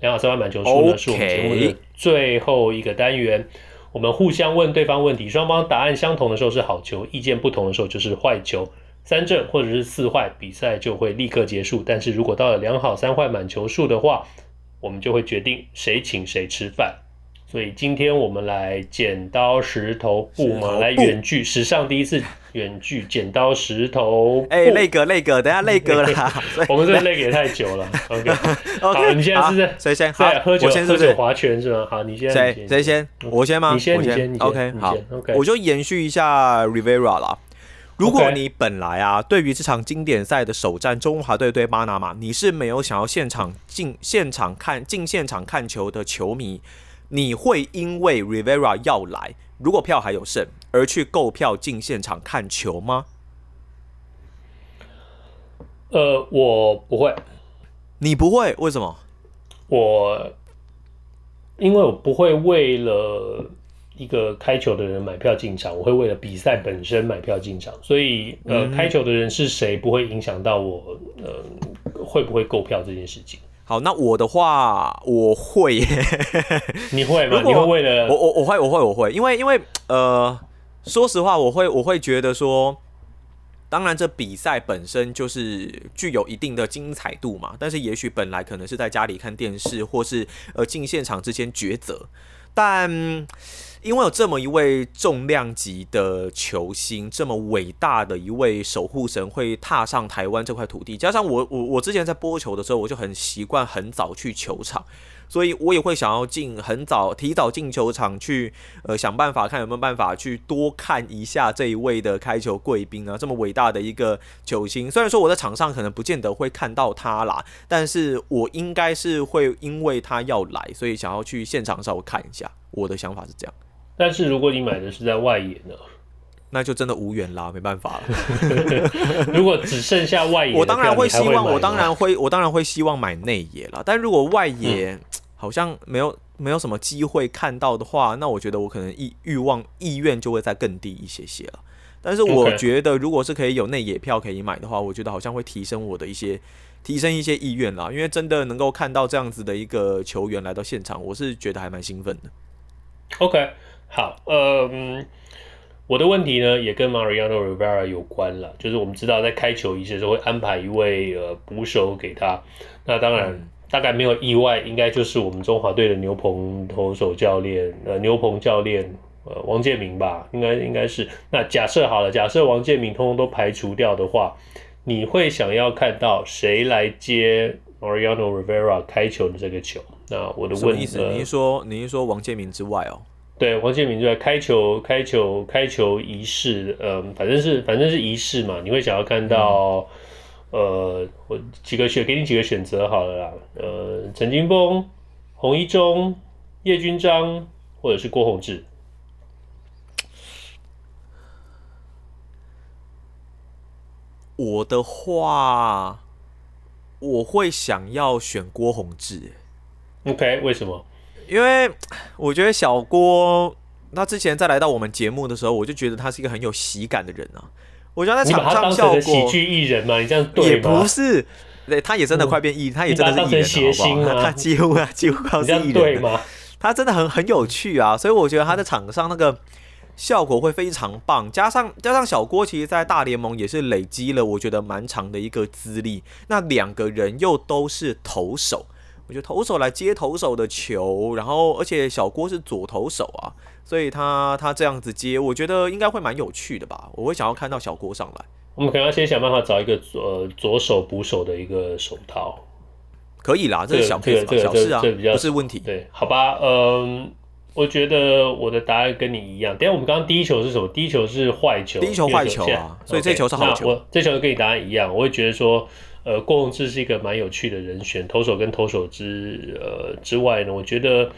兩好三壞滿球數呢，Okay. 是我們節目的最後一個單元。我們互相問對方問題，雙方答案相同的時候是好球，意見不同的時候就是壞球。三振或者是四壞，比賽就會立刻結束。但是如果到了兩好三壞滿球數的話，我們就會決定誰請誰吃飯。所以今天我們來剪刀石頭布嘛，來遠距史上第一次。遠距剪刀石頭，哎，內個內個，等下內個啦。我們這內個也太久了。OK，OK，你先，現在是誰先？好，我先是不是？划拳是嗎？好，你先。現在誰誰先？我先嗎？你先，你先，OK，好，OK。我就延續一下 Rivera 啦。如果你本來啊，對於這場經典賽的首戰，中華隊對巴拿馬，你是沒有想要現場進現場看進現場看球的球迷，你會因為 Rivera 要來，如果票還有剩，而去購票進現場看球嗎？呃，我不會。你不會？為什麼？我因為我不會為了一個開球的人買票進場，我會為了比賽本身買票進場。所以，嗯、呃，開球的人是誰不會影響到我，呃，會不會購票這件事情？好，那我的話，我會。 你會嗎？你會為了我，我我會，我會，我會，因為，因為，呃。說實話，我會我會覺得說，當然這比賽本身就是具有一定的精彩度嘛。但是也許本來可能是在家裡看電視，或是呃進現場之間抉擇。但因為有這麼一位重量級的球星，這麼偉大的一位守護神會踏上台灣這塊土地，加上我我我之前在播球的時候，我就很習慣很早去球場。所以，我也會想要進很早，提早進球場去，呃，想辦法看有沒有辦法去多看一下這一位的開球貴賓啊，這麼偉大的一個球星。雖然說我在場上可能不見得會看到他啦，但是我應該是會因為他要來，所以想要去現場稍微看一下。我的想法是這樣。但是如果你買的是在外野呢？那就真的無緣啦，沒辦法了。 如果只剩下外野，我當然會希望，我當然會，我當然會希望買內野啦。但如果外野、嗯、好像沒有沒有什麼機會看到的話，那我覺得我可能意欲望意願就會再更低一些些了。但是我覺得，如果是可以有內野票可以買的話，Okay. 我覺得好像會提升我的一些提升一些意願啦。因為真的能夠看到這樣子的一個球員來到現場，我是覺得還蠻興奮的。OK，好，嗯、呃。我的問題呢，也跟 Mariano Rivera 有關了，就是我們知道在開球儀式時候會安排一位呃捕手給他，那當然大概沒有意外，應該就是我們中華隊的牛棚投手教練，呃牛棚教練，呃王建民吧，應該應該是。那假設好了，假設王建民通通都排除掉的話，你會想要看到誰來接 Mariano Rivera 開球的這個球那我的問題是。什麼意思？您說您說王建民之外哦。對，黃建明就在開球、開球、開球儀式，呃，反正是反正是儀式嘛，你會想要看到，嗯、呃，我幾個選給你幾個選擇好了啦，呃，陳金鋒、洪一中、葉君璋或者是郭泓志。我的話，我會想要選郭泓志。OK，為什麼？因為我覺得小郭，他之前在來到我們節目的時候，我就覺得他是一個很有喜感的人啊。我覺得他場上效果喜劇藝人嘛，你這樣對嗎？也不是，對，他也真的快變藝人，我他也真的是藝人了好不好？他幾乎啊，幾乎好像是藝人。他真的很很有趣啊，所以我覺得他在場上那個效果會非常棒。加上加上小郭，其實，在大聯盟也是累積了我覺得蠻長的一個資歷。那兩個人又都是投手。我覺得投手來接投手的球，然後而且小郭是左投手啊，所以他他這樣子接，我覺得應該會蠻有趣的吧。我會想要看到小郭上來。我們可能要先想辦法找一個左，呃，左手捕手的一個手套，可以啦，這個小這個小事啊，不是問題。對，好吧，嗯，我覺得我的答案跟你一樣。等下我們剛剛第一球是什麼？第一球是壞球，第一球壞球啊，所以這球是好球。Okay，這球跟你答案一樣，我會覺得說。呃，郭泓志是一個蠻有趣的人選，投手跟投手之呃之外呢，我覺得，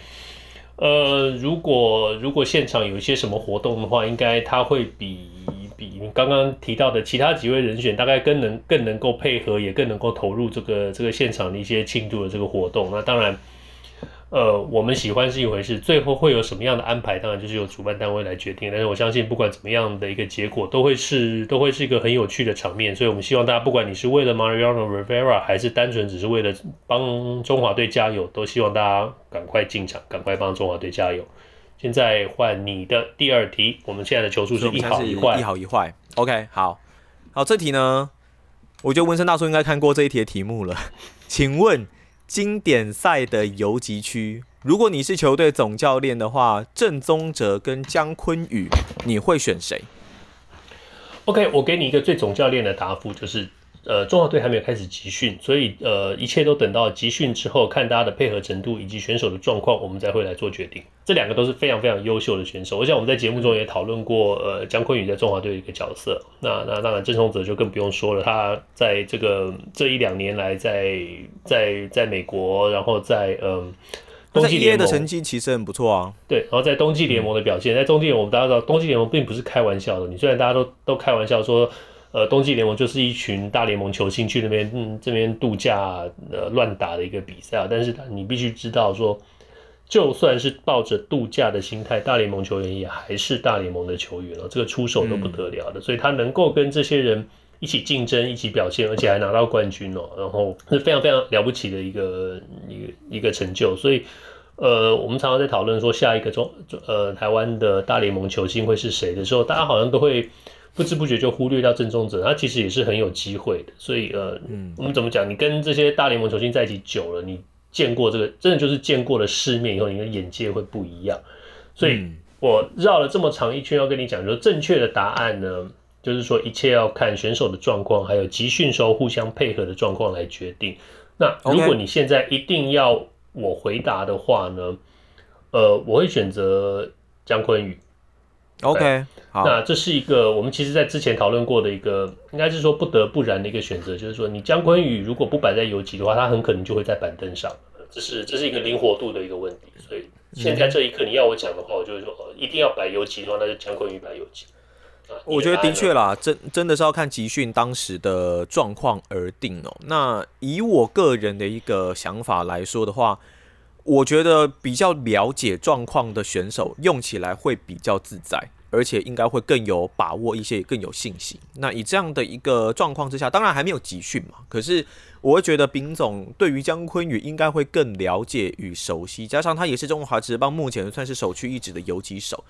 呃，如果如果現場有一些什麼活動的話，應該他會比比你剛剛提到的其他幾位人選，大概更能更能夠配合，也更能夠投入這個這個現場的一些慶祝的這個活動。那當然。呃，我們喜歡是一回事，最後會有什麼樣的安排，當然就是由主辦單位來決定。但是我相信，不管怎麼樣的一個結果，都會是都會是一個很有趣的場面。所以，我們希望大家，不管你是為了 Mariano Rivera，還是單純只是為了幫中華隊加油，都希望大家趕快進場，趕快幫中華隊加油。現在換你的第二題，我們現在的球數是一好一壞，一好一壞。OK，好好，這題呢，我覺得文森大叔應該看過這一題的題目了，請問？經典賽的游擊區，如果你是球隊總教練的話，鄭宗哲跟江坤宇，你會選誰？OK，我給你一個最總教練的答覆，就是。呃，中華隊還沒有開始集訓，所以呃，一切都等到集訓之後，看大家的配合程度以及選手的狀況，我們再會來做決定。這兩個都是非常非常優秀的選手。我想我們在節目中也討論過，呃，江坤宇在中華隊的一個角色。那那當然，鄭宗哲就更不用說了，他在這個這一兩年來在，在在在美國，然後在嗯、呃，冬季聯盟的成績其實很不錯啊。對，然後在冬季聯盟的表現，嗯、在冬季聯盟，我們大家知道，冬季聯盟並不是開玩笑的。你雖然大家都都開玩笑說。呃，冬季聯盟就是一群大聯盟球星，去那邊、嗯、這邊度假、啊，呃，亂打的一個比賽啊。但是，你必須知道，說，就算是抱着度假的心態，大聯盟球員也還是大聯盟的球員哦、喔。這個出手都不得了的，嗯、所以他能夠跟這些人一起競爭，一起表現，而且還拿到冠軍哦、喔。然後是非常非常了不起的一個一個一個成就。所以，呃，我們常常在討論說，下一個中呃台灣的大聯盟球星會是誰的時候，大家好像都會。不知不覺就忽略掉鄭宗哲，他其實也是很有機會的。所以，呃，我們、嗯、怎麼講？你跟這些大聯盟球星在一起久了，你見過這個，真的就是見過了世面以後，你的眼界會不一樣。所以我繞了這麼長一圈，要跟你講說，說正確的答案呢，就是說一切要看選手的狀況，還有集訓時候互相配合的狀況來決定。那 Okay. 如果你現在一定要我回答的話呢，呃，我會選擇江坤宇。OK，好，那這是一個我們其實在之前討論過的一個，應該是說不得不然的一個選擇，就是說你江坤宇如果不擺在游擊的話，他很可能就會在板凳上。這是這是一個靈活度的一個問題。所以現在這一刻你要我講的話，我就會說一定要擺游擊的話，那就江坤宇擺游擊。我覺得的確啦，真，真的是要看集訓當時的狀況而定哦。那以我個人的一個想法來說的話，我覺得比較了解狀況的選手，用起來會比較自在，而且應該會更有把握一些，更有信心。那以這樣的一個狀況之下，當然還沒有集訓嘛。可是我會覺得，丙總對於江坤宇應該會更了解與熟悉，加上他也是中華職棒目前算是首屈一指的游擊手。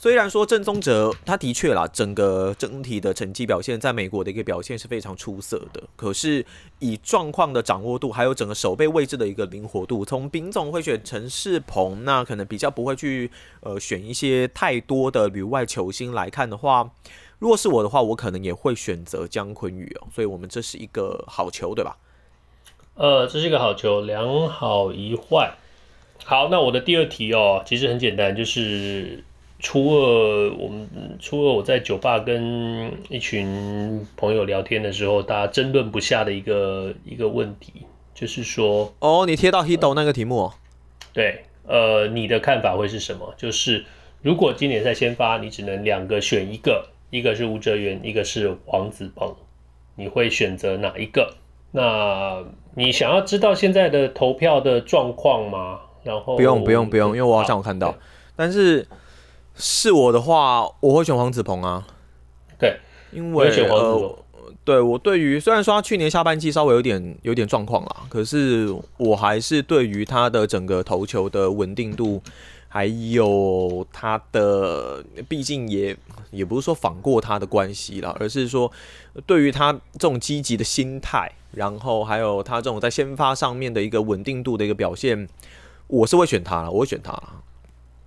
雖然說鄭宗哲他的確啦，整個整體的成績表現在美國的一個表現是非常出色的。可是以狀況的掌握度，還有整個守備位置的一個靈活度，從兵總會選陳世鵬，那可能比較不會去呃選一些太多的旅外球星來看的話，如果是我的話，我可能也會選擇江坤宇哦。所以我們這是一個好球，對吧？呃，這是一個好球，兩好一壞。好，那我的第二題哦，其實很簡單，就是。初二，除了我們初二我在酒吧跟一群朋友聊天的時候，大家爭論不下的一個一個問題，就是說，哦，你貼到 h e d 那個題目、哦呃，對，呃，你的看法會是什麼？就是如果今年在先發，你只能兩個選一個，一個是吳哲源，一個是黃子鵬，你會選擇哪一個？那你想要知道現在的投票的狀況嗎？然後不用不用不用，不用不用嗯、因為我好像有看到，對但是。是我的話，我會選黃子鵬啊。對，因為呃，對我對於雖然說他去年下半季稍微有點有點狀況啦，可是我還是對於他的整個投球的穩定度，還有他的畢竟也也不是說仿過他的關係啦，而是說對於他這種積極的心態，然後還有他這種在先發上面的一個穩定度的一個表現，我是會選他啦，我會選他啦。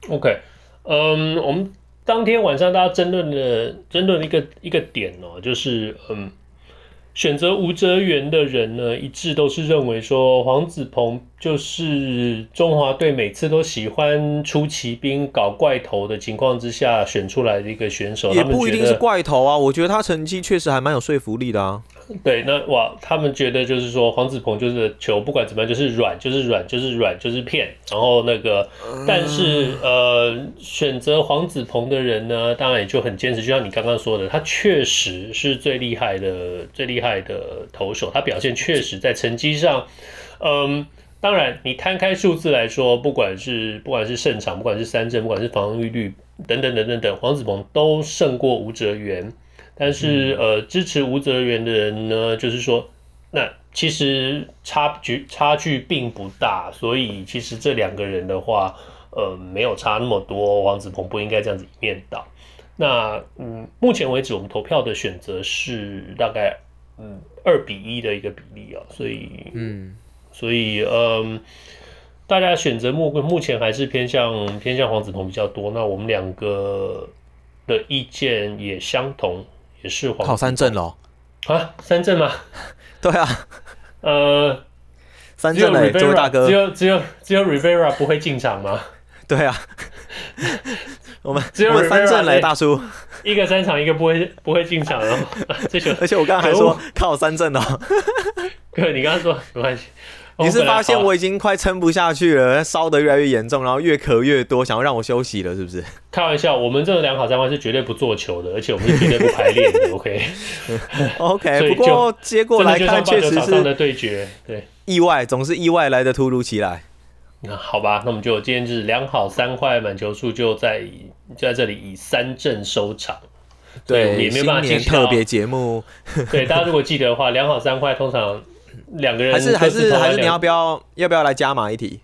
OK。嗯，um, 我們當天晚上大家爭論的爭論的一個一個點哦，就是嗯，選擇吳哲源的人呢，一致都是認為說黃子鵬就是中華隊每次都喜歡出奇兵搞怪頭的情況之下選出來的一個選手，也不一定是怪頭啊，覺我覺得他成績確實還蠻有說服力的啊。對，那哇，他們覺得就是說黃子鵬就是球不管怎麼樣就是軟，就是軟，就是軟，就是騙、就是。然後那個，但是呃，選擇黃子鵬的人呢，當然也就很堅持，就像你剛剛說的，他確實是最厲害的、最厲害的投手，他表現確實，在成績上，嗯，當然你攤開數字來說，不管是不管是勝場，不管是三振，不管是防禦率等等等等等等，黃子鵬都勝過吳哲源。但是，嗯、呃，支持吳哲源的人呢，就是說，那其實差距差距並不大，所以其實這兩個人的話，呃，沒有差那麼多。黃子鵬不應該這樣子一面倒。那，嗯，目前為止，我們投票的選擇是大概嗯二比一的一個比例哦，所以，嗯，所以，嗯，大家選擇目目前還是偏向偏向黃子鵬比較多。那我們兩個的意見也相同。也是靠三陣咯，啊，三陣嘛，對啊，呃，a, 三陣來這位大哥，只有只有只有 Rivera 不會進場嗎？對啊，我們只有三陣來大叔，一個三場，一個不會不會進場哦。這個，而且我剛剛還說靠三陣呢， 哥，你剛剛說沒關係。你是發現我已經快撐不下去了，燒得越來越嚴重，然後越咳越多，想要讓我休息了，是不是？開玩笑，我們這兩好三壞是絕對不做球的，而且我們是絕對不排練的。OK，OK。不過結果來看，確實是。意外總是意外來得突如其來。那好吧，那我們就今天就是兩好三壞，滿球數就在就在這裡以三振收場。對，也沒有辦法輕鬆。新年特別節目， 對，大家如果記得的話，兩好三壞通常。兩個人還是還是還是你要不要要不要來加碼一題？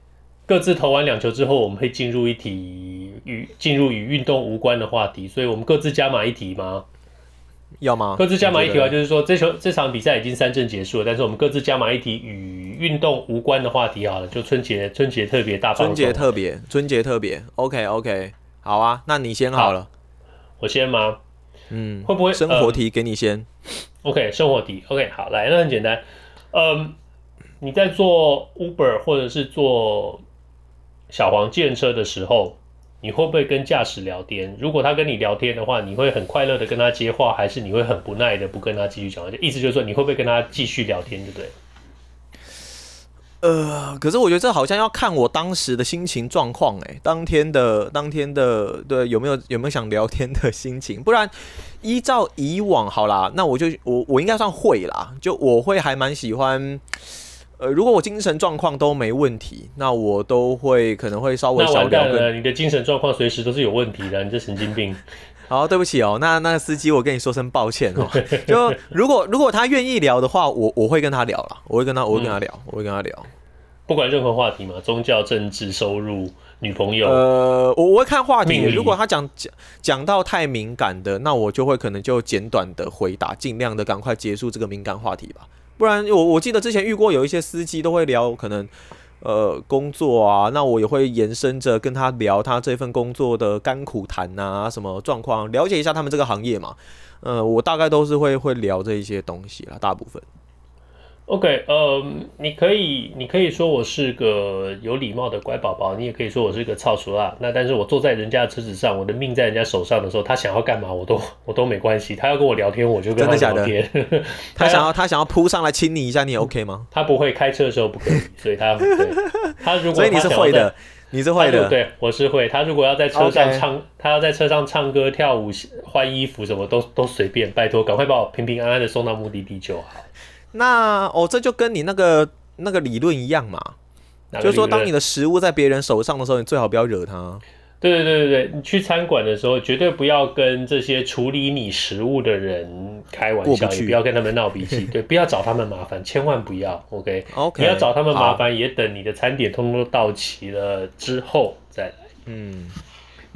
各自投完兩球之後，我們會進入一題與進入與運動無關的話題，所以我們各自加碼一題嗎？要嗎？各自加碼一題的話就是說這球這場比賽已經三振結束了，但是我們各自加碼一題與運動無關的話題。好了，就春節春節特別大，春節特別春節特別。OK OK，好啊，那你先好了，好我先嗎？嗯，會不會生活題給你先？嗯，OK 生活題 OK 好來，那很簡單。嗯，um, 你在坐 Uber 或者是坐小黃計程車的時候，你會不會跟駕駛聊天？如果他跟你聊天的話，你會很快樂的跟他接話，還是你會很不耐的不跟他繼續講話？意思就是說，你會不會跟他繼續聊天，對不對？呃，可是我覺得這好像要看我當時的心情狀況，哎，當天的當天的，對，有沒有有沒有想聊天的心情？不然依照以往，好啦，那我就我我應該算會啦，就我會還蠻喜歡。呃，如果我精神狀況都沒問題，那我都會可能會稍微少聊。那完蛋了，你的精神狀況隨時都是有問題的，你這神經病。 好，對不起哦，那那司機，我跟你說聲抱歉哦。 就如果如果他願意聊的話，我我會跟他聊了，我會跟他，我會跟他聊，嗯，我會跟他聊，不管任何話題嘛，宗教、政治、收入、女朋友。呃，我我會看話題，如果他講講講到太敏感的，那我就會可能就簡短的回答，盡量的趕快結束這個敏感話題吧。不然我，我我記得之前遇過有一些司機都會聊可能。呃，工作啊，那我也會延伸着跟他聊他這份工作的甘苦談啊，什麼狀況，了解一下他們這個行業嘛。呃，我大概都是會會聊這一些東西啦，大部分。OK，呃、嗯，你可以，你可以說我是個有禮貌的乖寶寶，你也可以說我是一個臭俗辣，那但是我坐在人家的車子上，我的命在人家手上的時候，他想要幹嘛，我都我都沒關係。他要跟我聊天，我就跟他聊天。的的 他想要他想要撲上來親你一下，你也 OK 嗎？嗯？他不會開車的時候不可以，所以他 對他如果他要所以你是會的，你是會的，對，我是會。他如果要在車上唱，Okay. 他要在車上唱歌、跳舞、換衣服，什麼都都隨便，拜托，趕快把我平平安安的送到目的地就好啊。那哦，這就跟你那個那個理論一樣嘛，就是說，當你的食物在別人手上的時候，你最好不要惹他。對對對，對，你去餐館的時候，絕對不要跟這些處理你食物的人開玩笑，不，不要跟他們鬧脾氣。 對，不要找他們麻煩，千萬不要。OK OK，你要找他們麻煩，好也等你的餐點通通都到齊了之後再來。嗯。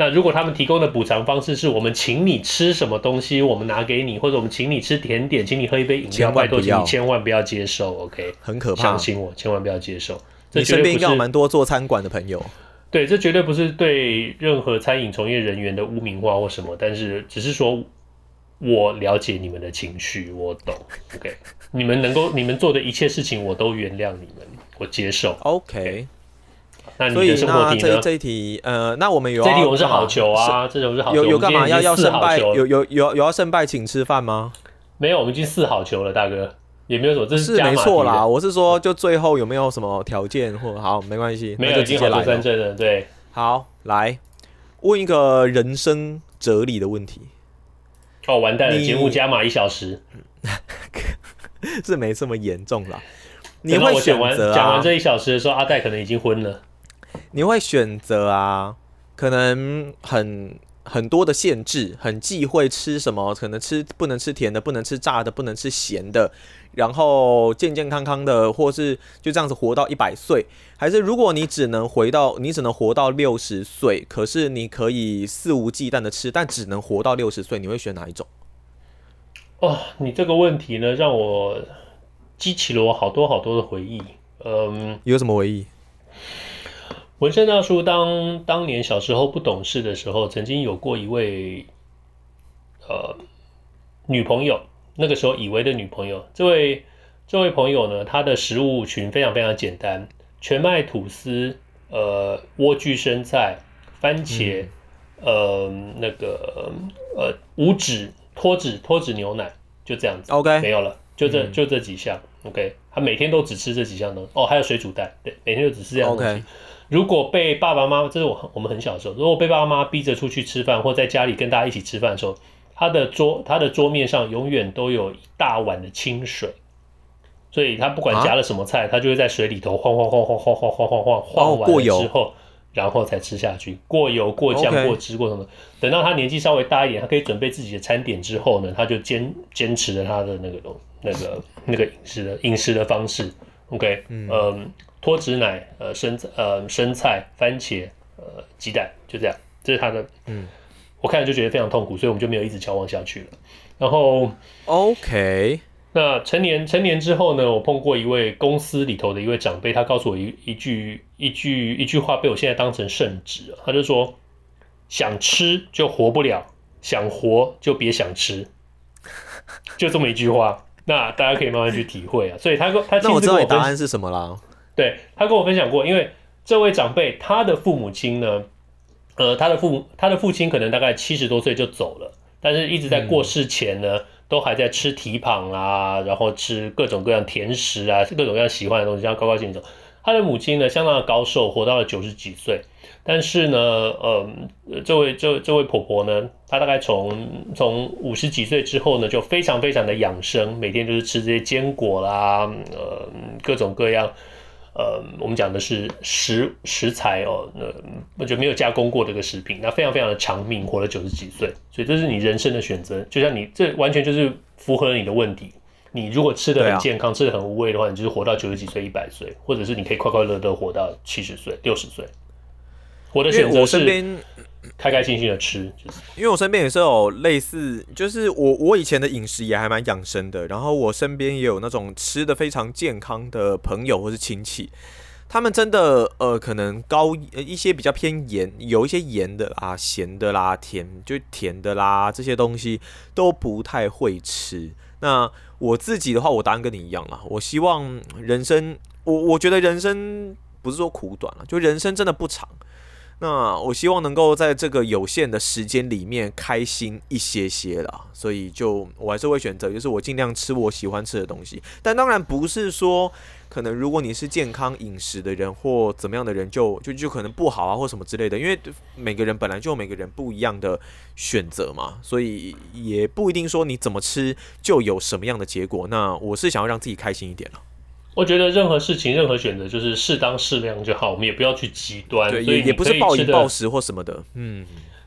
那如果他們提供的補償方式是我們請你吃什麼東西，我們拿給你，或者我們請你吃甜點，請你喝一杯飲料，千萬不要，拜託，你千萬不要接受，OK？很可怕，相信我，千萬不要接受。這絕對不是你身邊要蠻多做餐館的朋友，對，這絕對不是對任何餐飲從業人員的污名化或什麼，但是只是說我了解你們的情緒，我懂，OK？你們能夠你們做的一切事情，我都原諒你們，我接受，OK？okay. 呢所以那這一這一題，呃，那我們有這題我們是好球啊，這種是好球。有有幹嘛要要勝敗？有有有有要勝敗請吃飯嗎？沒有，我們已經四好球了，大哥也沒有什麼，這是，是沒錯啦。我是說，就最後有沒有什麼條件或好沒關係，來沒有，已經好三振了，對，好來問一個人生哲理的問題。哦，完蛋了，節你目加碼一小時， 是沒這麼嚴重啦。你會選擇講、啊、完，完這一小時的時候，阿戴可能已經昏了。你會選擇啊？可能很很多的限制，很忌諱吃什麼？可能吃不能吃甜的，不能吃炸的，不能吃鹹的，然後健健康康的，或是就這樣子活到一百歲，還是如果你只能回到，你只能活到六十歲，可是你可以肆無忌憚的吃，但只能活到六十歲，你會選哪一種？哦，你這個問題呢，讓我激起了我好多好多的回憶。嗯，有什麼回憶？文身大叔當當年小時候不懂事的時候，曾經有過一位呃女朋友，那個時候以為的女朋友。這位這位朋友呢，她的食物群非常非常簡單：全麥吐司、呃萵苣、生菜、番茄、嗯、呃那個呃無脂、脫脂脫脂牛奶，就這樣子。OK，沒有了，就這、嗯、就這幾項。OK，她每天都只吃這幾項東西哦，還有水煮蛋，對，每天就只吃這樣東西 OK？如果被爸爸媽媽，這是我我們很小的時候，如果被爸爸媽媽逼着出去吃飯，或在家裡跟大家一起吃飯的時候，他的桌他的桌面上永遠都有一大碗的清水，所以他不管夾了什麼菜，啊、他就會在水裡頭晃晃晃晃晃晃晃晃晃晃完之後，哦、然後才吃下去，過油過醬過汁 Okay. 過什麼。等到他年紀稍微大一點，他可以準備自己的餐點之後呢，他就堅堅持了他的那個東那個、那個、那個飲食的飲食的方式。OK，、呃、嗯。脫脂奶，呃，生菜，呃，生菜，番茄，呃，雞蛋，就這樣，這是他的。嗯，我看了就覺得非常痛苦，所以我們就沒有一直交往下去了。然後，OK，那成年成年之後呢，我碰過一位公司裡頭的一位長輩，他告訴我一一句一句一句話，被我現在當成聖旨。他就說，想吃就活不了，想活就別想吃，就這麼一句話。 那大家可以慢慢去體會啊。所以他說，他，他我 那我知道答案是什麼啦。對他跟我分享過，因為這位長輩他的父母親呢，呃，他的父母他的父親可能大概七十多歲就走了，但是一直在過世前呢，嗯、都還在吃蹄膀啊，然後吃各種各樣甜食啊，各種各樣喜歡的東西，這樣高高興興走。他的母親呢，相當的高壽，活到了九十幾歲。但是呢，呃，這位這位這位婆婆呢，她大概從從五十幾歲之後呢，就非常非常的養生，每天就是吃這些堅果啦，呃，各種各樣。呃、嗯，我們講的是食食材哦，那、嗯、就沒有加工過這個食品，那非常非常的長命，活了九十幾歲，所以這是你人生的選擇。就像你，這完全就是符合你的問題。你如果吃得很健康，啊、吃得很無味的話，你就是活到九十幾歲、一百歲，或者是你可以快快樂樂活到七十歲、六十歲。我的選擇是開開心心的吃，因為我身邊也是有類似，就是我我以前的飲食也還蠻養生的，然後我身邊也有那種吃的非常健康的朋友或是親戚，他們真的呃可能高、呃、一些比較偏鹽，有一些鹽的啦鹹的啦，甜就甜的啦這些東西都不太會吃。那我自己的話，我答案跟你一樣啊，我希望人生我我覺得人生不是說苦短了，就人生真的不長。那我希望能夠在這個有限的時間裡面開心一些些啦，所以就我還是會選擇，就是我盡量吃我喜歡吃的東西。但當然不是說，可能如果你是健康飲食的人或怎麼樣的人，就就就可能不好啊，或什麼之類的。因為每個人本來就有每個人不一樣的選擇嘛，所以也不一定說你怎麼吃就有什麼樣的結果。那我是想要讓自己開心一點了。我覺得任何事情、任何選擇就是適當適量就好，我們也不要去極端，對，所以，你可以吃得也不是暴飲暴食或什麼的。嗯，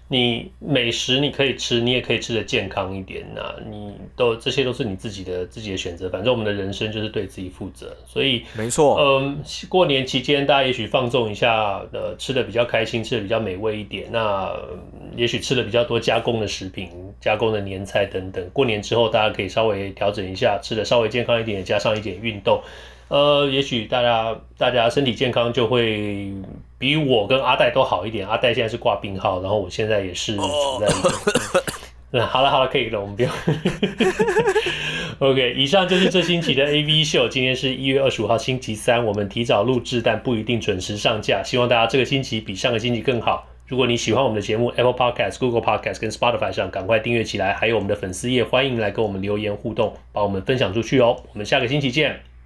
你美食你可以吃，你也可以吃得健康一點那、啊、你都這些都是你自己的自己的選擇，反正我們的人生就是對自己負責。所以沒錯錯，嗯、呃，過年期間大家也許放縱一下，呃，吃的比較開心，吃的比較美味一點，那、呃、也許吃的比較多加工的食品、加工的年菜等等。過年之後大家可以稍微調整一下，吃的稍微健康一點，加上一點運動。呃，也許大家大家身體健康，就會比我跟阿戴都好一點。阿戴現在是掛病號，然後我現在也是在。Oh. 嗯，好了好了，可以了，我們不要。 OK，以上就是這星期的 AV 秀。今天是一月二十五號，星期三，我們提早錄製，但不一定準時上架。希望大家這個星期比上個星期更好。如果你喜歡我們的節目，Apple Podcast、Google Podcast 跟 Spotify 上趕快訂閱起來。還有我們的粉絲頁，歡迎來跟我們留言互動，把我們分享出去哦。我們下個星期見。